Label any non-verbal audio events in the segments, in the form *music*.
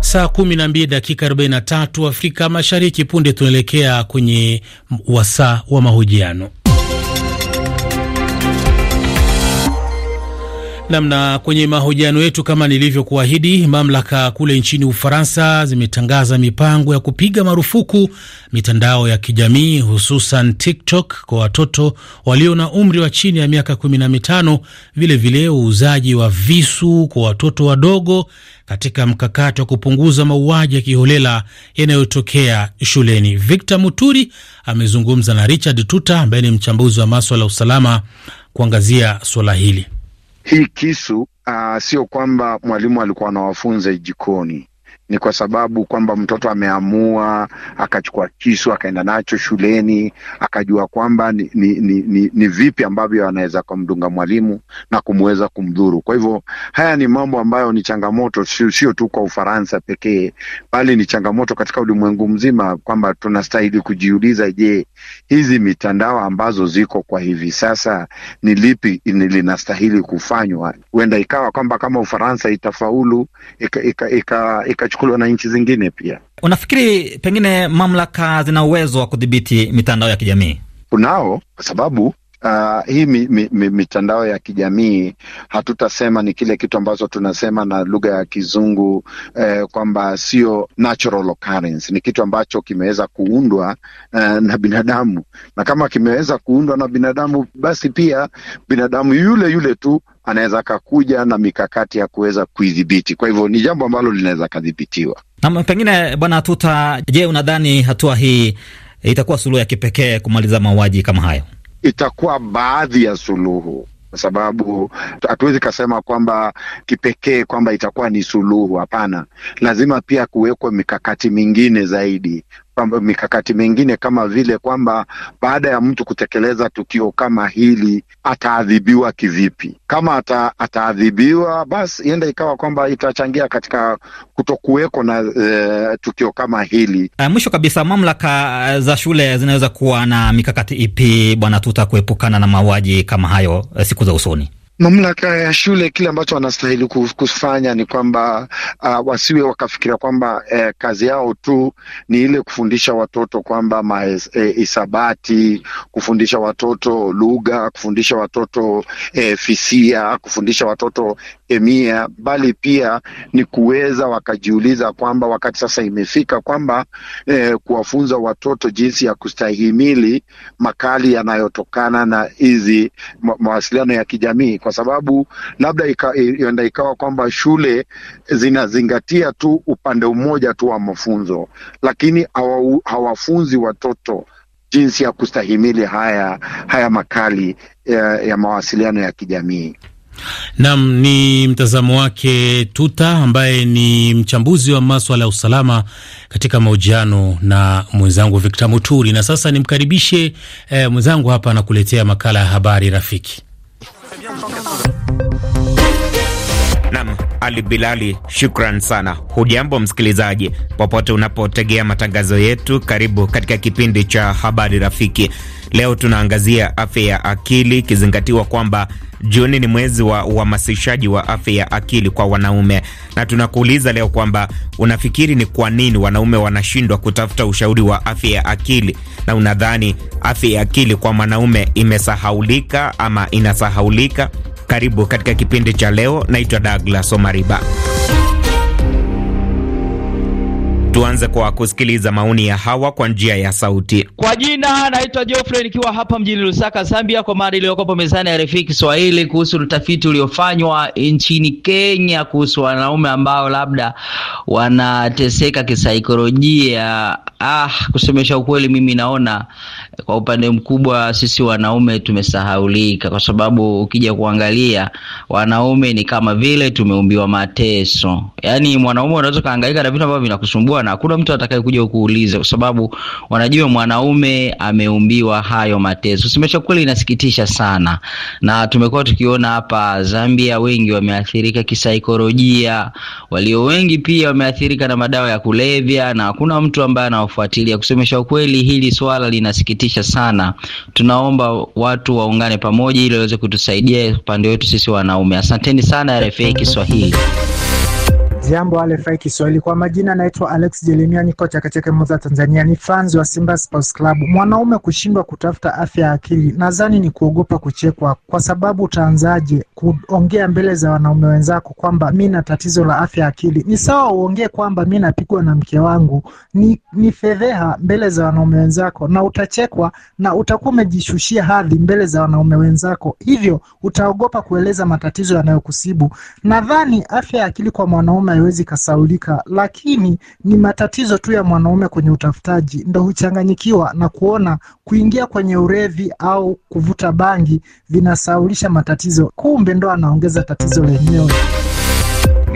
Saa 12 dakika 43 Afrika Mashariki. Punde tunaelekea kwenye wasaa wa mahojiano namna. Kwenye mahojiano yetu, kama nilivyokuahidi, mamlaka kule nchini Ufaransa zimetangaza mipango ya kupiga marufuku mitandao ya kijamii hususan TikTok kwa watoto walio na umri wa chini ya miaka kumi na mitano, vilevile uuzaji wa visu kwa watoto wadogo katika mkakati wa kupunguza mauaji ya kiholela yanayotokea shuleni. Victor Muturi amezungumza na Richard Tuta ambaye ni mchambuzi wa maswala ya usalama kuangazia suala hili. Hii kisu uh, sio kwamba mwalimu alikuwa anawafunza jikoni ni kwa sababu kwamba mtoto ameamua akachukua kisu akaenda nacho shuleni akajua kwamba ni, ni, ni, ni, ni vipi ambavyo anaweza kumdunga mwalimu na kumweza kumdhuru. Kwa hivyo haya ni mambo ambayo ni changamoto, sio tu kwa Ufaransa pekee, bali ni changamoto katika ulimwengu mzima, kwamba tunastahili kujiuliza, je, hizi mitandao ambazo ziko kwa hivi sasa ni lipi linastahili kufanywa? Huenda ikawa kwamba kama Ufaransa itafaulu ikachukua ika, ika, ika yanachukuliwa na nchi zingine pia. Unafikiri pengine mamlaka zina uwezo wa kudhibiti mitandao ya kijamii? Kunao, kwa sababu Uh, hii mi, mi, mi, mitandao ya kijamii hatutasema ni kile kitu ambacho tunasema na lugha ya kizungu eh, kwamba sio natural occurrence. Ni kitu ambacho kimeweza kuundwa eh, na binadamu, na kama kimeweza kuundwa na binadamu, basi pia binadamu yule yule tu anaweza akakuja na mikakati ya kuweza kuidhibiti. Kwa hivyo ni jambo ambalo linaweza kadhibitiwa. Na pengine Bwana Tuta, je, unadhani hatua hii itakuwa suluhu ya kipekee kumaliza mauaji kama hayo? Itakuwa baadhi ya suluhu kwa sababu hatuwezi kasema kwamba kipekee kwamba itakuwa ni suluhu. Hapana, lazima pia kuwekwa mikakati mingine zaidi mikakati mingine kama vile kwamba baada ya mtu kutekeleza tukio kama hili ataadhibiwa kivipi? Kama ata, ataadhibiwa basi ienda ikawa kwamba itachangia katika kutokuweko na e, tukio kama hili. Eh, mwisho kabisa, mamlaka eh, za shule zinaweza kuwa na mikakati ipi bwana, tuta kuepukana na mauaji kama hayo siku za usoni? Mamlaka ya shule kile ambacho wanastahili kufanya ni kwamba uh, wasiwe wakafikiria kwamba eh, kazi yao tu ni ile kufundisha watoto kwamba eh, hisabati eh, kufundisha watoto lugha, kufundisha watoto eh, fisia, kufundisha watoto emia, bali pia ni kuweza wakajiuliza kwamba wakati sasa imefika kwamba eh, kuwafunza watoto jinsi ya kustahimili makali yanayotokana na hizi mawasiliano ya kijamii kwa sababu labda enda ikawa kwamba shule zinazingatia tu upande mmoja tu wa mafunzo, lakini hawa, hawafunzi watoto jinsi ya kustahimili haya haya makali ya, e, ya mawasiliano ya kijamii. nam ni mtazamo wake Tuta ambaye ni mchambuzi wa maswala ya usalama katika mahojiano na mwenzangu Victor Muturi. Na sasa nimkaribishe eh, mwenzangu hapa anakuletea makala ya habari rafiki. Nam. Ali Bilali, shukran sana. Hujambo msikilizaji, popote unapotegea matangazo yetu, karibu katika kipindi cha habari rafiki. Leo tunaangazia afya ya akili, ikizingatiwa kwamba Juni ni mwezi wa uhamasishaji wa afya ya akili kwa wanaume, na tunakuuliza leo kwamba unafikiri ni kwa nini wanaume wanashindwa kutafuta ushauri wa afya ya akili, na unadhani afya ya akili kwa mwanaume imesahaulika ama inasahaulika? Karibu katika kipindi cha leo. Naitwa Douglas Omariba. Tuanze kwa kusikiliza maoni ya hawa kwa njia ya sauti. Kwa jina naitwa Geoffrey nikiwa hapa mjini Lusaka, Zambia, kwa mada iliyokopo mezani ya RFI Kiswahili kuhusu utafiti uliofanywa nchini Kenya kuhusu wanaume ambao labda wanateseka kisaikolojia Ah, kusemesha ukweli, mimi naona kwa upande mkubwa sisi wanaume tumesahaulika, kwa sababu ukija kuangalia wanaume ni kama vile tumeumbiwa mateso. Yaani mwanaume anaweza kaangaika na vitu ambavyo vinakusumbua na hakuna mtu atakaye kuja kukuuliza, kwa sababu wanajua mwanaume ameumbiwa hayo mateso. Kusemesha ukweli, inasikitisha sana, na tumekuwa tukiona hapa Zambia wengi wameathirika kisaikolojia, walio wengi pia wameathirika na madawa ya kulevya, na hakuna mtu ambaye ana wanaofuatilia. Kusemesha ukweli, hili swala linasikitisha sana. Tunaomba watu waungane pamoja ili waweze kutusaidia upande wetu sisi wanaume. Asanteni sana RFA Kiswahili. Jambo alefai Kiswahili, kwa majina naitwa Alex Jelimia, niko Chakechake, Mwanza, Tanzania. Ni fans wa Simba Sports Club. Mwanaume kushindwa kutafuta afya ya akili, nadhani ni kuogopa kuchekwa, kwa sababu utaanzaje kuongea mbele za wanaume wenzako kwamba mi na tatizo la afya ya akili? Ni sawa uongee kwamba mi napigwa na mke wangu, ni, ni fedheha mbele za wanaume wenzako, na utachekwa na utakuwa umejishushia hadhi mbele za wanaume wenzako, hivyo utaogopa kueleza matatizo yanayokusibu. Nadhani afya ya akili kwa mwanaume haiwezi kasaulika, lakini ni matatizo tu ya mwanaume kwenye utafutaji, ndo huchanganyikiwa na kuona kuingia kwenye urevi au kuvuta bangi vinasaulisha matatizo, kumbe ndo anaongeza tatizo lenyewe.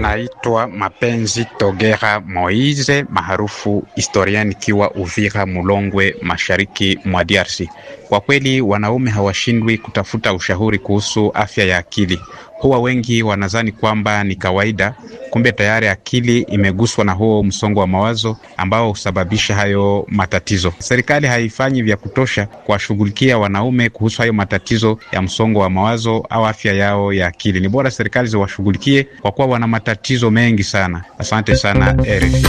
Naitwa Mapenzi Togera Moise, maarufu historian, kiwa Uvira Mulongwe, mashariki mwa DRC. Kwa kweli wanaume hawashindwi kutafuta ushauri kuhusu afya ya akili. Huwa wengi wanadhani kwamba ni kawaida, kumbe tayari akili imeguswa na huo msongo wa mawazo ambao husababisha hayo matatizo. Serikali haifanyi vya kutosha kuwashughulikia wanaume kuhusu hayo matatizo ya msongo wa mawazo au afya yao ya akili. Ni bora serikali ziwashughulikie kwa kuwa wana matatizo matatizo mengi sana. Asante sana RFI.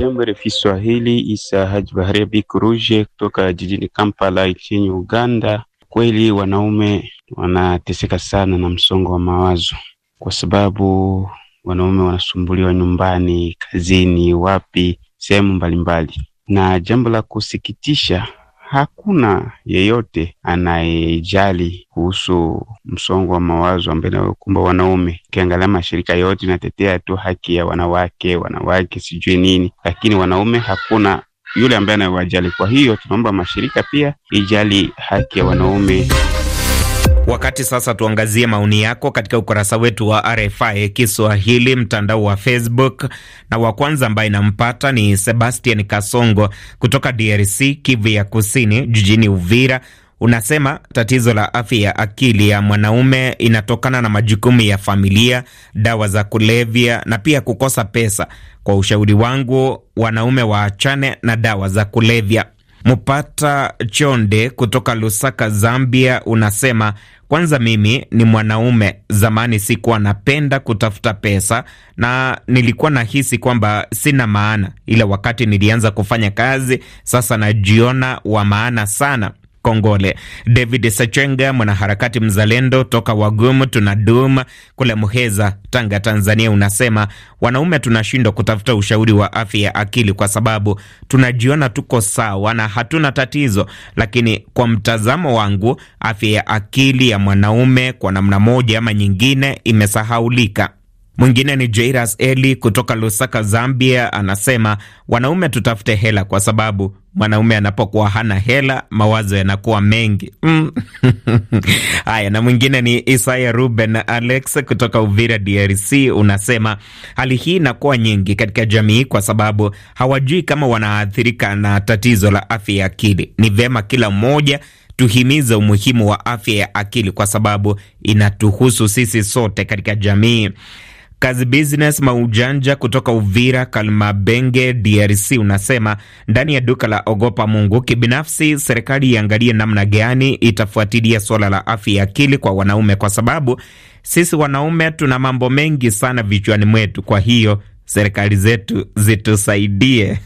Jambo RFI Swahili, Isa Haji Baharia Bikuruje kutoka jijini Kampala nchini Uganda. Kweli wanaume wanateseka sana na msongo wa mawazo, kwa sababu wanaume wanasumbuliwa nyumbani, kazini, wapi, sehemu mbalimbali, na jambo la kusikitisha hakuna yeyote anayejali kuhusu msongo wa mawazo ambaye inayokumba wanaume. Ukiangalia mashirika yote inatetea tu haki ya wanawake, wanawake sijui nini, lakini wanaume hakuna yule ambaye anayewajali. Kwa hiyo tunaomba mashirika pia ijali haki ya wanaume wakati sasa tuangazie maoni yako katika ukurasa wetu wa RFI Kiswahili, mtandao wa Facebook. Na wa kwanza ambaye inampata ni Sebastian Kasongo kutoka DRC, Kivu ya Kusini, jijini Uvira. Unasema tatizo la afya ya akili ya mwanaume inatokana na majukumu ya familia, dawa za kulevya na pia kukosa pesa. Kwa ushauri wangu, wanaume waachane na dawa za kulevya. Mupata Chonde kutoka Lusaka, Zambia, unasema kwanza mimi ni mwanaume, zamani sikuwa napenda kutafuta pesa na nilikuwa nahisi kwamba sina maana, ila wakati nilianza kufanya kazi sasa najiona wa maana sana. Kongole. David Sachenga, mwanaharakati mzalendo toka Wagum tuna dum kule Muheza, Tanga, Tanzania, unasema wanaume tunashindwa kutafuta ushauri wa afya ya akili kwa sababu tunajiona tuko sawa na hatuna tatizo, lakini kwa mtazamo wangu afya ya akili ya mwanaume kwa namna moja ama nyingine imesahaulika. Mwingine ni Jairas Eli kutoka Lusaka, Zambia, anasema wanaume tutafute hela kwa sababu mwanaume anapokuwa hana hela mawazo yanakuwa mengi. Mm. *laughs* Haya, mm. na mwingine ni Isaya Ruben Alex kutoka Uvira, DRC, unasema hali hii inakuwa nyingi katika jamii kwa sababu hawajui kama wanaathirika na tatizo la afya ya akili. Ni vyema kila mmoja tuhimize umuhimu wa afya ya akili kwa sababu inatuhusu sisi sote katika jamii. Kazi Business Maujanja kutoka Uvira Kalmabenge, DRC unasema ndani ya duka la ogopa Mungu, kibinafsi serikali iangalie namna gani itafuatilia suala la afya ya akili kwa wanaume, kwa sababu sisi wanaume tuna mambo mengi sana vichwani mwetu, kwa hiyo serikali zetu zitusaidie.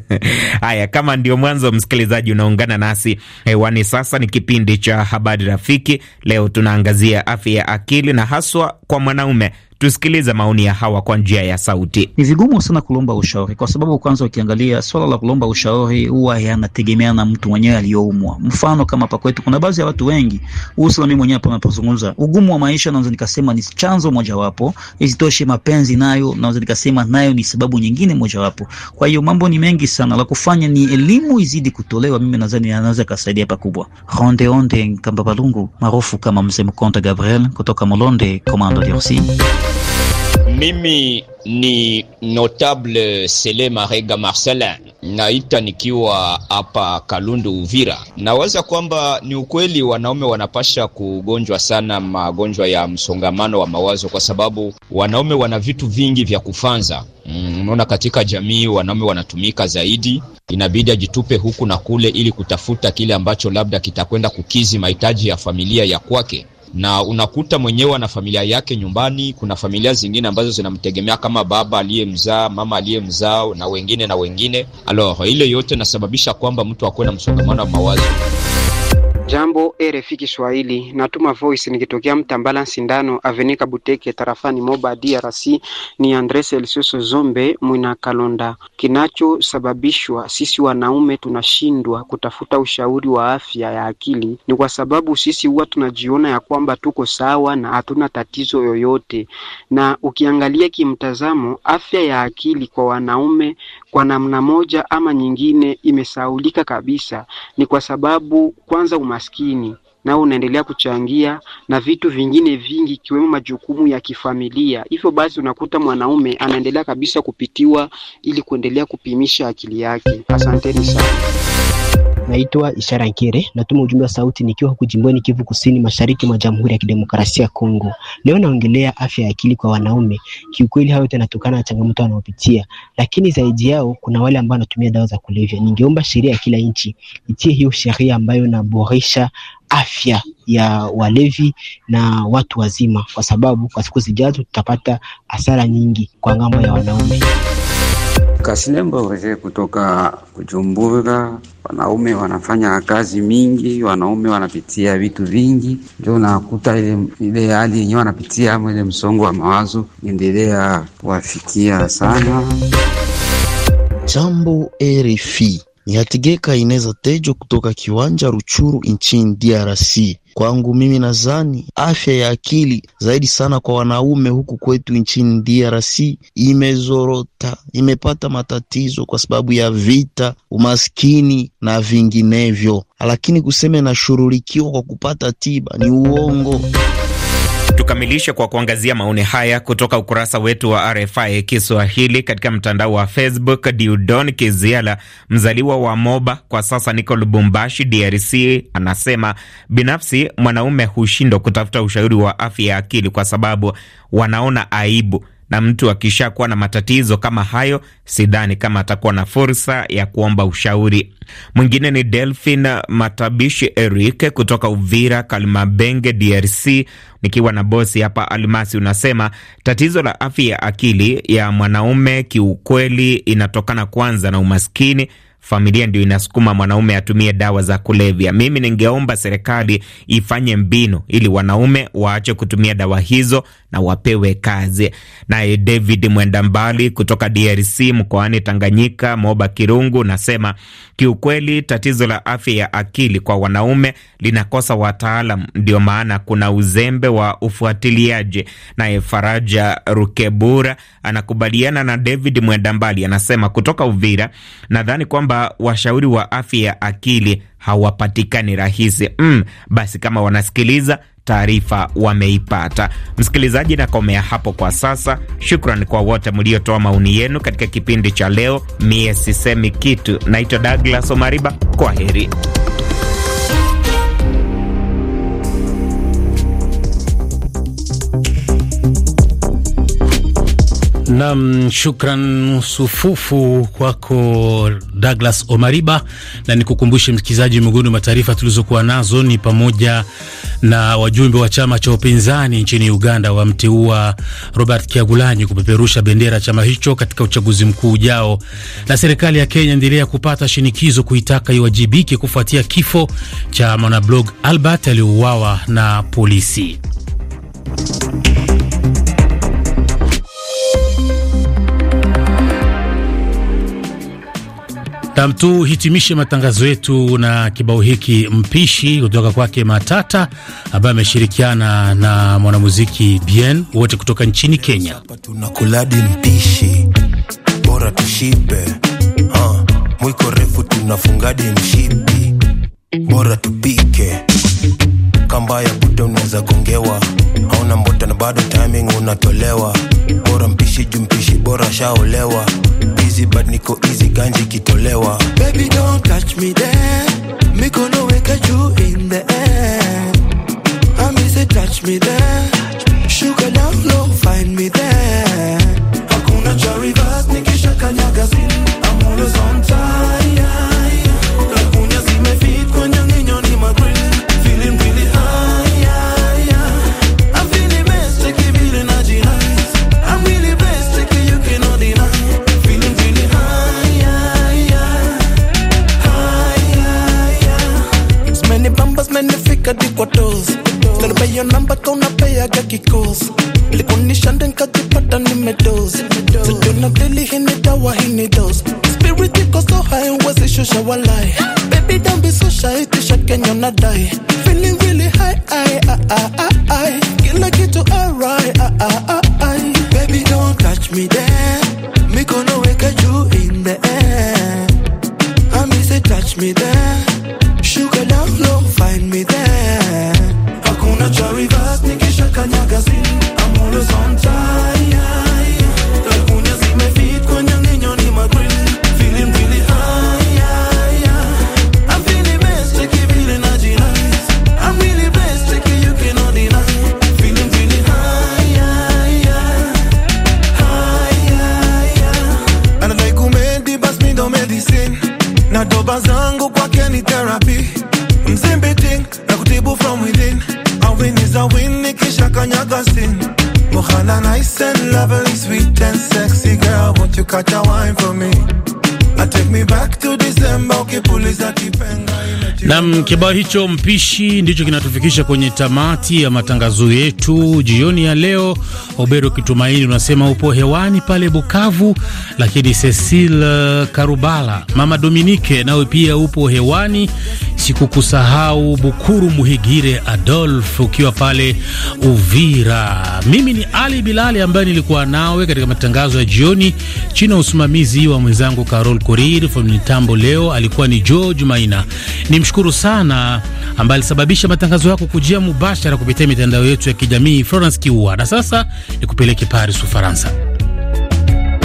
*laughs* Haya, kama ndio mwanzo msikilizaji unaungana nasi hewani sasa, ni kipindi cha habari rafiki. Leo tunaangazia afya ya akili na haswa kwa mwanaume. Tusikilize maoni ya hawa kwa njia ya sauti. Ni vigumu sana kulomba ushauri, kwa sababu kwanza, ukiangalia swala la kulomba ushauri huwa yanategemeana na mtu mwenyewe aliyoumwa. Mfano kama hapa kwetu kuna baadhi ya watu wengi, hususan mimi mwenyewe hapa napozungumza, ugumu wa maisha naweza nikasema ni chanzo mojawapo. Isitoshe mapenzi nayo naweza nikasema nayo ni sababu nyingine mojawapo. Kwa hiyo mambo ni mengi sana, la kufanya ni elimu izidi kutolewa. Mimi nadhani anaweza kasaidia pakubwa. Ronde onde Kamba Balungu maarufu kama Mzee Mkonta Gabriel kutoka Molonde, Komando DRC. Mimi ni notable Sele Marega Marcelin, naita nikiwa hapa Kalundu, Uvira. Nawaza kwamba ni ukweli wanaume wanapasha kugonjwa sana magonjwa ya msongamano wa mawazo, kwa sababu wanaume wana vitu vingi vya kufanza. Mm, unaona, katika jamii wanaume wanatumika zaidi, inabidi ajitupe huku na kule ili kutafuta kile ambacho labda kitakwenda kukizi mahitaji ya familia ya kwake na unakuta mwenyewe na familia yake nyumbani. Kuna familia zingine ambazo zinamtegemea kama baba aliyemzaa, mama aliyemzaa na wengine na wengine. Alors ile yote nasababisha kwamba mtu akuwe na msongamano wa mawazo. Jambo RFI Kiswahili, natuma voice nikitokea Mtambala Sindano Avenika Buteke tarafani Moba DRC. Ni Andres Elsoso Zombe Mwina Kalonda. Kinachosababishwa sisi wanaume tunashindwa kutafuta ushauri wa afya ya akili ni kwa sababu sisi huwa tunajiona ya kwamba tuko sawa na hatuna tatizo yoyote, na ukiangalia kimtazamo, afya ya akili kwa wanaume kwa namna moja ama nyingine imesaulika kabisa. Ni kwa sababu kwanza umaskini nao unaendelea kuchangia na vitu vingine vingi ikiwemo majukumu ya kifamilia. Hivyo basi unakuta mwanaume anaendelea kabisa kupitiwa ili kuendelea kupimisha akili yake. Asanteni sana. Naitwa Ishara Nkere, natuma ujumbe wa sauti nikiwa huku jimboni Kivu Kusini, mashariki mwa Jamhuri ya Kidemokrasia ya Kongo. Leo naongelea afya ya akili kwa wanaume. Kiukweli hayo yote yanatokana na changamoto wanaopitia, lakini zaidi yao kuna wale ambao wanatumia dawa za kulevya. Ningeomba sheria ya kila nchi itie hiyo sheria ambayo inaboresha afya ya walevi na watu wazima, kwa sababu kwa siku zijazo tutapata hasara nyingi kwa ngambo ya wanaume kashilembo Roje kutoka Kujumbura. Wanaume wanafanya kazi mingi, wanaume wanapitia vitu vingi, ndio nakuta ile ile hali yenyewe wanapitia ama ile msongo wa mawazo endelea kuwafikia sana. Jambo RFI Hatigeka ineza Tejo kutoka kiwanja Ruchuru nchini DRC. Kwangu mimi nadhani afya ya akili zaidi sana kwa wanaume huku kwetu nchini DRC imezorota, imepata matatizo kwa sababu ya vita, umaskini na vinginevyo, lakini kuseme nashughulikiwa kwa kupata tiba ni uongo. Tukamilishe kwa kuangazia maoni haya kutoka ukurasa wetu wa RFI Kiswahili katika mtandao wa Facebook. Diudon Kiziala, mzaliwa wa Moba, kwa sasa niko Lubumbashi, DRC, anasema binafsi mwanaume hushindwa kutafuta ushauri wa afya ya akili kwa sababu wanaona aibu na mtu akishakuwa na matatizo kama hayo, sidhani kama atakuwa na fursa ya kuomba ushauri. Mwingine ni Delphin Matabishi Eric kutoka Uvira kalmabenge DRC. Nikiwa na bosi hapa Almasi, unasema tatizo la afya ya akili ya mwanaume kiukweli inatokana kwanza na umaskini familia ndio inasukuma mwanaume atumie dawa za kulevya. Mimi ningeomba serikali ifanye mbinu ili wanaume waache kutumia dawa hizo na wapewe kazi. Naye David Mbali kutoka DRC mkoani Tanganyika, Moba Kirungu, nasema kiukweli, tatizo la afya ya akili kwa wanaume linakosa wataalam, ndio maana kuna uzembe wa ufuatiliaji. Naye Faraja Rukebura anakubaliana na David Mbali, anasema kutoka Uvira, nadhani kwamba kwamba washauri wa afya ya akili hawapatikani rahisi. Mm, basi kama wanasikiliza taarifa wameipata. Msikilizaji, nakomea hapo kwa sasa. Shukran kwa wote mliotoa maoni yenu katika kipindi cha leo. Mie sisemi kitu, naitwa Douglas Omariba. Kwa heri. Nam, shukran sufufu kwako Douglas Omariba, na nikukumbushe msikilizaji, miongoni mwa taarifa tulizokuwa nazo ni pamoja na wajumbe wa chama cha upinzani nchini Uganda wamteua Robert Kyagulanyi kupeperusha bendera ya chama hicho katika uchaguzi mkuu ujao, na serikali ya Kenya endelea kupata shinikizo kuitaka iwajibike kufuatia kifo cha mwanablog Albert aliyouawa na polisi. Nam, tuhitimishe matangazo yetu na kibao hiki mpishi kutoka kwake Matata ambaye ameshirikiana na mwanamuziki Bien, wote kutoka nchini Kenya. Tunakuladi mpishi bora tushibe, ha, mwiko refu tunafungadi mshipi bora tupike kamba ya buda unaweza kongewa hauna mbota na bado timing unatolewa, bora mpishi jumpishi bora shaolewa easy but niko easy ganji kitolewa baby don't touch me there mikono weka juu in the air amisi touch me there walai. Baby, don't be so shy, t-shirt Kenya unadai a nice and lovely, sweet and sexy girl. Won't you catch a wine for me? Nam, kibao hicho mpishi ndicho kinatufikisha kwenye tamati ya matangazo yetu jioni ya leo. Obero Kitumaini unasema upo hewani pale Bukavu, lakini Cecil Karubala, mama Dominike, nawe pia upo hewani sikukusahau Bukuru Muhigire Adolf, ukiwa pale Uvira. Mimi ni Ali Bilali ambaye nilikuwa nawe katika matangazo ya jioni chini ya usimamizi wa mwenzangu Carol Korir. Mitambo leo alikuwa ni George Maina. Nimshukuru sana ambaye alisababisha matangazo yako kujia mubashara kupitia mitandao yetu ya kijamii, Florence Kiua. Na sasa nikupeleke Paris, Ufaransa.